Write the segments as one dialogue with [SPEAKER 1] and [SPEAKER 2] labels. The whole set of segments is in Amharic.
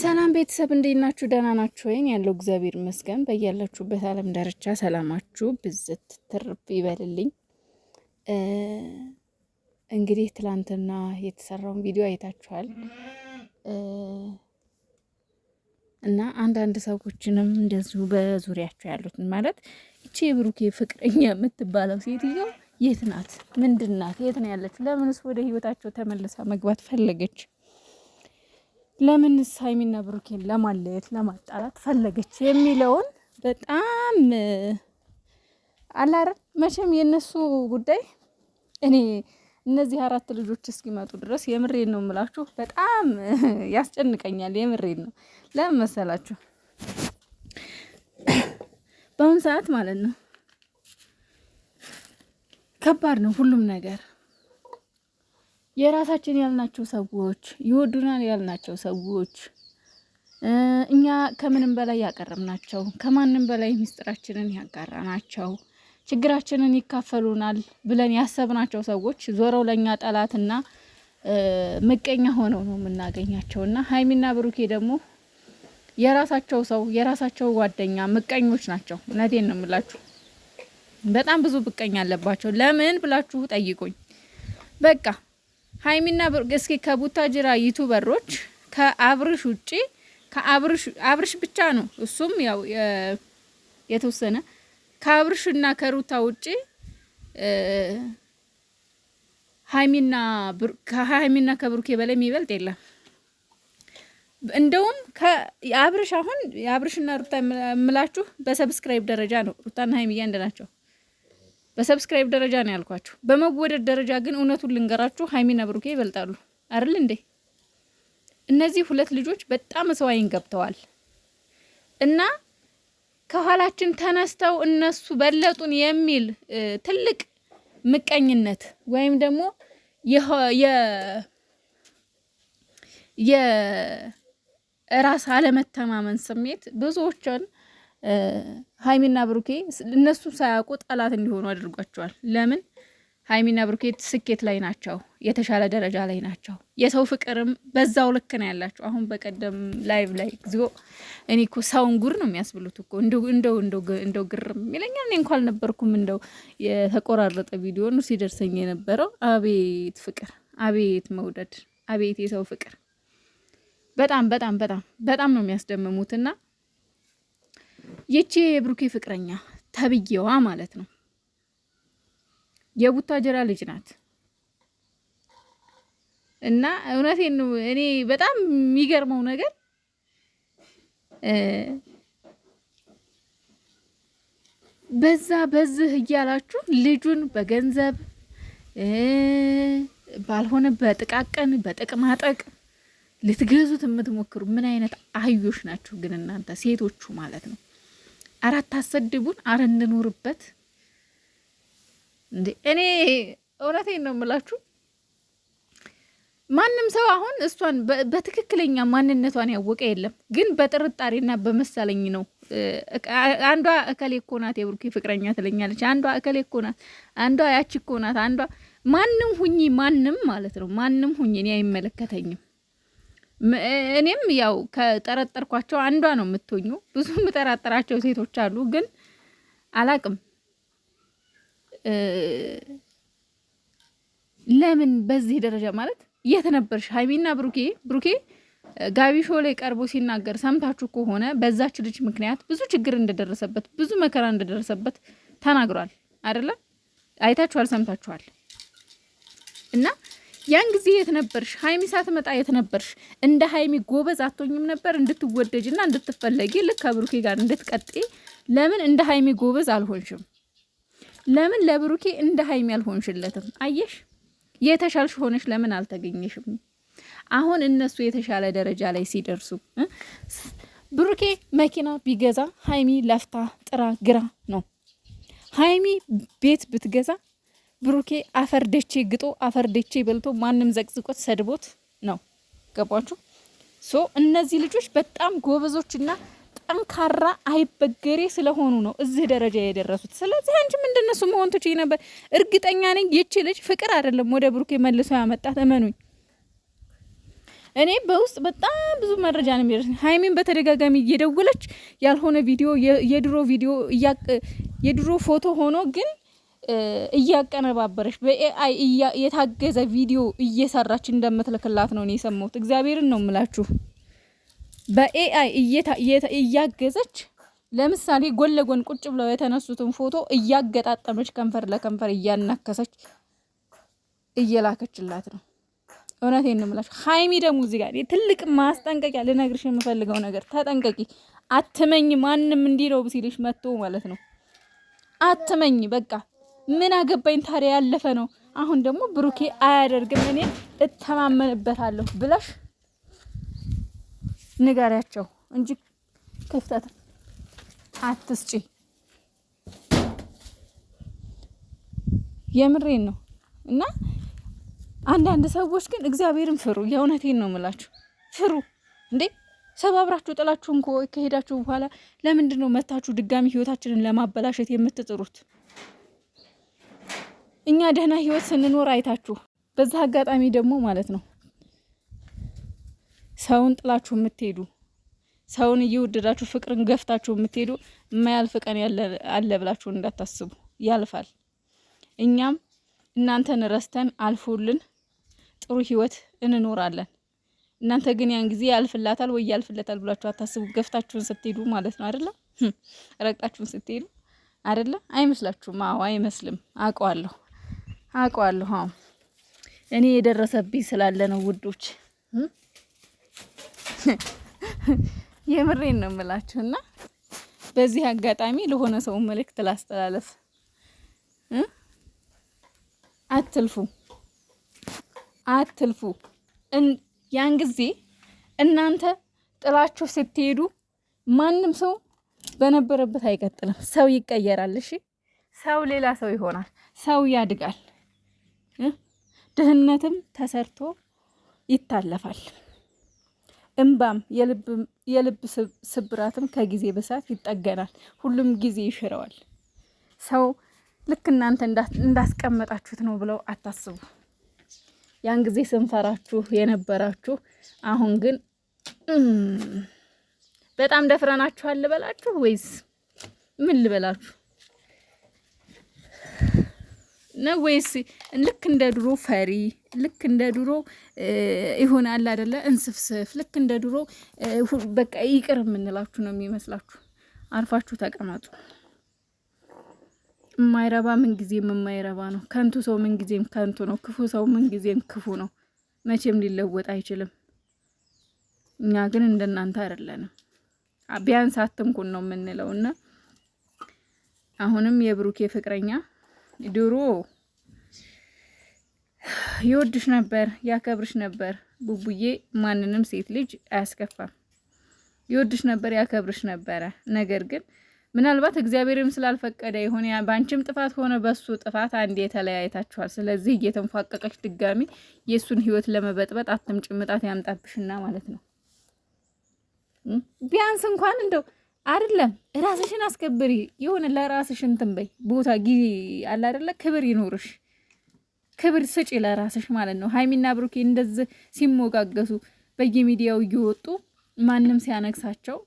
[SPEAKER 1] ሰላም ቤተሰብ እንዴት ናችሁ? ደህና ናችሁ ወይን? ያለው እግዚአብሔር ይመስገን። በያላችሁበት ዓለም ዳርቻ ሰላማችሁ ብዝት ትርፍ ይበልልኝ። እንግዲህ ትላንትና የተሰራውን ቪዲዮ አይታችኋል እና አንዳንድ ሰዎችንም እንደዚሁ በዙሪያቸው ያሉትን ማለት ይቺ የብሩኬ ፍቅረኛ የምትባለው ሴትዮ የት ናት? ምንድን ናት? የት ነው ያለችው? ለምንስ ወደ ህይወታቸው ተመልሳ መግባት ፈለገች? ለምንስ ሀይሚና ብሩኬን ለማለየት ለማጣላት ፈለገች የሚለውን በጣም አላር መቼም የእነሱ ጉዳይ እኔ እነዚህ አራት ልጆች እስኪመጡ ድረስ የምሬን ነው የምላችሁ፣ በጣም ያስጨንቀኛል። የምሬን ነው። ለምን መሰላችሁ? በአሁኑ ሰዓት ማለት ነው ከባድ ነው ሁሉም ነገር የራሳችን ያልናቸው ሰዎች ይወዱናል ያልናቸው ሰዎች እኛ ከምንም በላይ ያቀረብናቸው ከማንም በላይ ምስጢራችንን ያጋራናቸው ችግራችንን ይካፈሉናል ብለን ያሰብናቸው ሰዎች ዞረው ለእኛ ጠላትና ምቀኛ ሆነው ነው የምናገኛቸው። እና ሀይሚና ብሩኬ ደግሞ የራሳቸው ሰው የራሳቸው ጓደኛ ምቀኞች ናቸው። እውነቴን ነው የምላችሁ። በጣም ብዙ ብቀኛ አለባቸው። ለምን ብላችሁ ጠይቁኝ። በቃ ሀይሚና ብሩክ እስኪ ከቡታጅራ ዩቱበሮች ከአብርሽ ውጪ ከአብርሽ ብቻ ነው። እሱም ያው የተወሰነ ከአብርሽና ከሩታ ውጪ ሀይሚና ከሀይሚና ከብሩክ በላይ የሚበልጥ የለም። እንደውም ከአብርሽ አሁን የአብርሽና ሩታ የምላችሁ በሰብስክራይብ ደረጃ ነው። ሩታና ሀይሚያ እንደናቸው በሰብስክራይብ ደረጃ ነው ያልኳችሁ። በመወደድ ደረጃ ግን እውነቱን ልንገራችሁ ሀይሚና ብሩኬ ይበልጣሉ አይደል እንዴ? እነዚህ ሁለት ልጆች በጣም ሰዋይን ገብተዋል እና ከኋላችን ተነስተው እነሱ በለጡን የሚል ትልቅ ምቀኝነት ወይም ደግሞ የራስ አለመተማመን ስሜት ብዙዎችን ሀይሚና ብሩኬ እነሱ ሳያውቁ ጠላት እንዲሆኑ አድርጓቸዋል። ለምን ሀይሚና ብሩኬ ስኬት ላይ ናቸው፣ የተሻለ ደረጃ ላይ ናቸው። የሰው ፍቅርም በዛው ልክ ነው ያላቸው። አሁን በቀደም ላይቭ ላይ እግዚኦ እኔ እኮ ሰውን ጉር ነው የሚያስብሉት እኮ እንደው እንደው ግርም ይለኛል። እኔ እንኳ አልነበርኩም እንደው የተቆራረጠ ቪዲዮ ነው ሲደርሰኝ የነበረው። አቤት ፍቅር፣ አቤት መውደድ፣ አቤት የሰው ፍቅር። በጣም በጣም በጣም በጣም ነው የሚያስደምሙትና ይቺ የብሩኬ ፍቅረኛ ተብዬዋ ማለት ነው የቡታጀራ ልጅ ናት። እና እውነቴን ነው እኔ በጣም የሚገርመው ነገር በዛ በዝህ እያላችሁ ልጁን በገንዘብ ባልሆነ በጥቃቅን በጥቅማጠቅ ልትገዙት የምትሞክሩ ምን አይነት አህዮች ናችሁ ግን እናንተ ሴቶቹ ማለት ነው። አራት አሰድቡን፣ አረ እንኑርበት። እንዴ እኔ እውነቴን ነው የምላችሁ። ማንም ሰው አሁን እሷን በትክክለኛ ማንነቷን ያወቀ የለም፣ ግን በጥርጣሬና በመሳለኝ ነው። አንዷ እከሌ እኮ ናት የብሩኬ ፍቅረኛ ትለኛለች፣ አንዷ እከሌ እኮ ናት፣ አንዷ ያቺ እኮ ናት፣ አንዷ ማንም ሁኚ፣ ማንም ማለት ነው ማንም ሁኚ፣ እኔ አይመለከተኝም። እኔም ያው ከጠረጠርኳቸው አንዷ ነው የምትኙ። ብዙ የምጠራጠራቸው ሴቶች አሉ፣ ግን አላቅም ለምን በዚህ ደረጃ ማለት የት ነበርሽ ሀይሚና ብሩኬ? ብሩኬ ጋቢ ሾ ላይ ቀርቦ ሲናገር ሰምታችሁ ከሆነ በዛች ልጅ ምክንያት ብዙ ችግር እንደደረሰበት ብዙ መከራ እንደደረሰበት ተናግሯል። አይደለም አይታችኋል፣ ሰምታችኋል እና ያን ጊዜ የት ነበርሽ ሀይሚ ሳትመጣ የት ነበርሽ? እንደ ሀይሚ ጎበዝ አቶኝም ነበር እንድትወደጅና እንድትፈለጊ ልክ ከብሩኬ ጋር እንድትቀጤ ለምን እንደ ሀይሚ ጎበዝ አልሆንሽም? ለምን ለብሩኬ እንደ ሀይሚ አልሆንሽለትም? አየሽ የተሻልሽ ሆነሽ ለምን አልተገኘሽም? አሁን እነሱ የተሻለ ደረጃ ላይ ሲደርሱ ብሩኬ መኪና ቢገዛ ሀይሚ ለፍታ ጥራ ግራ ነው። ሀይሚ ቤት ብትገዛ ብሩኬ አፈርደቼ ግጦ አፈርደቼ በልቶ ማንም ዘቅዝቆት ሰድቦት ነው። ገባችሁ? ሶ እነዚህ ልጆች በጣም ጎበዞችና ጠንካራ አይበገሬ ስለሆኑ ነው እዚህ ደረጃ የደረሱት። ስለዚህ አንቺም እንደነሱ መሆን ትችይ ነበር። እርግጠኛ ነኝ ይቺ ልጅ ፍቅር አይደለም ወደ ብሩኬ መልሶ ያመጣት፣ እመኑኝ። እኔ በውስጥ በጣም ብዙ መረጃ ነው የሚደርስ። ሀይሚን በተደጋጋሚ እየደወለች ያልሆነ ቪዲዮ የድሮ ቪዲዮ የድሮ ፎቶ ሆኖ ግን እያቀነባበረች በኤአይ የታገዘ ቪዲዮ እየሰራች እንደምትልክላት ነው እኔ የሰማሁት። እግዚአብሔርን ነው የምላችሁ። በኤአይ እያገዘች ለምሳሌ ጎን ለጎን ቁጭ ብለው የተነሱትን ፎቶ እያገጣጠመች ከንፈር ለከንፈር እያናከሰች እየላከችላት ነው። እውነት ነው ምላችሁ። ሀይሚ ደግሞ እዚህ ጋር ትልቅ ማስጠንቀቂያ ልነግርሽ የምፈልገው ነገር ተጠንቀቂ። አትመኝ ማንም እንዲለው ሲልሽ መጥቶ ማለት ነው አትመኝ በቃ ምን አገባኝ ታዲያ ያለፈ ነው። አሁን ደግሞ ብሩኬ አያደርግም እኔ እተማመንበታለሁ ብለሽ ንገሪያቸው እንጂ ክፍተት አትስጪ። የምሬን ነው እና አንዳንድ ሰዎች ግን እግዚአብሔርን ፍሩ። የእውነቴን ነው ምላችሁ፣ ፍሩ እንዴ ሰባብራችሁ ጥላችሁን ከሄዳችሁ በኋላ ለምንድን ነው መታችሁ ድጋሚ ህይወታችንን ለማበላሸት የምትጥሩት? እኛ ደህና ህይወት ስንኖር አይታችሁ፣ በዛ አጋጣሚ ደግሞ ማለት ነው ሰውን ጥላችሁ የምትሄዱ ሰውን እየወደዳችሁ ፍቅርን ገፍታችሁ የምትሄዱ የማያልፍ ቀን አለ ብላችሁ እንዳታስቡ፣ ያልፋል። እኛም እናንተን ረስተን አልፎልን ጥሩ ህይወት እንኖራለን። እናንተ ግን ያን ጊዜ ያልፍላታል ወይ ያልፍለታል ብላችሁ አታስቡ። ገፍታችሁን ስትሄዱ ማለት ነው አይደለም፣ ረግጣችሁን ስትሄዱ አይደለም። አይመስላችሁም? አዎ አይመስልም፣ አውቀዋለሁ። አውቀዋለሁ። አዎ እኔ የደረሰብኝ ስላለ ነው ውዶች፣ የምሬን ነው የምላችሁ እና በዚህ አጋጣሚ ለሆነ ሰው መልእክት ላስተላለፍ፣ አትልፉ አትልፉ። ያን ጊዜ እናንተ ጥላችሁ ስትሄዱ ማንም ሰው በነበረበት አይቀጥልም። ሰው ይቀየራል። እሺ ሰው ሌላ ሰው ይሆናል። ሰው ያድጋል። ድህነትም ተሰርቶ ይታለፋል። እምባም የልብ ስብራትም ከጊዜ በሳት ይጠገናል። ሁሉም ጊዜ ይሽረዋል። ሰው ልክ እናንተ እንዳስቀመጣችሁት ነው ብለው አታስቡ። ያን ጊዜ ስንፈራችሁ የነበራችሁ አሁን ግን በጣም ደፍረናችኋል ልበላችሁ ወይስ ምን ልበላችሁ? ነው ወይስ ልክ እንደ ድሮ ፈሪ፣ ልክ እንደ ድሮ ይሆናል አደለ? እንስፍስፍ፣ ልክ እንደ ድሮ በቃ ይቅር የምንላችሁ ነው የሚመስላችሁ። አርፋችሁ ተቀመጡ። የማይረባ ምንጊዜም የማይረባ ነው። ከንቱ ሰው ምንጊዜም ከንቱ ነው። ክፉ ሰው ምንጊዜም ክፉ ነው። መቼም ሊለወጥ አይችልም። እኛ ግን እንደናንተ አይደለንም። ቢያንስ አትንኩን ነው የምንለው እና አሁንም የብሩኬ ፍቅረኛ ድሮ ይወድሽ ነበር፣ ያከብርሽ ነበር። ቡቡዬ ማንንም ሴት ልጅ አያስከፋም። ይወድሽ ነበር፣ ያከብርሽ ነበረ። ነገር ግን ምናልባት እግዚአብሔርም ስላልፈቀደ የሆነ በአንቺም ጥፋት ሆነ በሱ ጥፋት አንድ የተለያየታችኋል። ስለዚህ እየተንፏቀቀች ድጋሚ የእሱን ህይወት ለመበጥበጥ ጭምጣት ያምጣብሽና ማለት ነው ቢያንስ እንኳን እንደው አይደለም ራስሽን አስከብሪ። የሆነ ለራስሽ እንትን በይ ቦታ ጊዜ አለ አይደለ? ክብር ይኖርሽ፣ ክብር ስጪ ለራስሽ ማለት ነው። ሀይሚና ብሩኬ እንደዚህ ሲሞጋገሱ በየሚዲያው እየወጡ ማንም ሲያነግሳቸው፣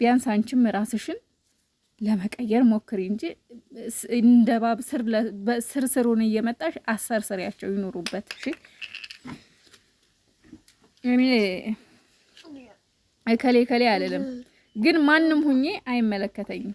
[SPEAKER 1] ቢያንስ አንቺም ራስሽን ለመቀየር ሞክሪ እንጂ እንደ ባብ ስር ስሩን እየመጣሽ አሰርስሪያቸው ይኖሩበት። እሺ እኔ እከሌ እከሌ አልልም። ግን ማንም ሁኜ አይመለከተኝም።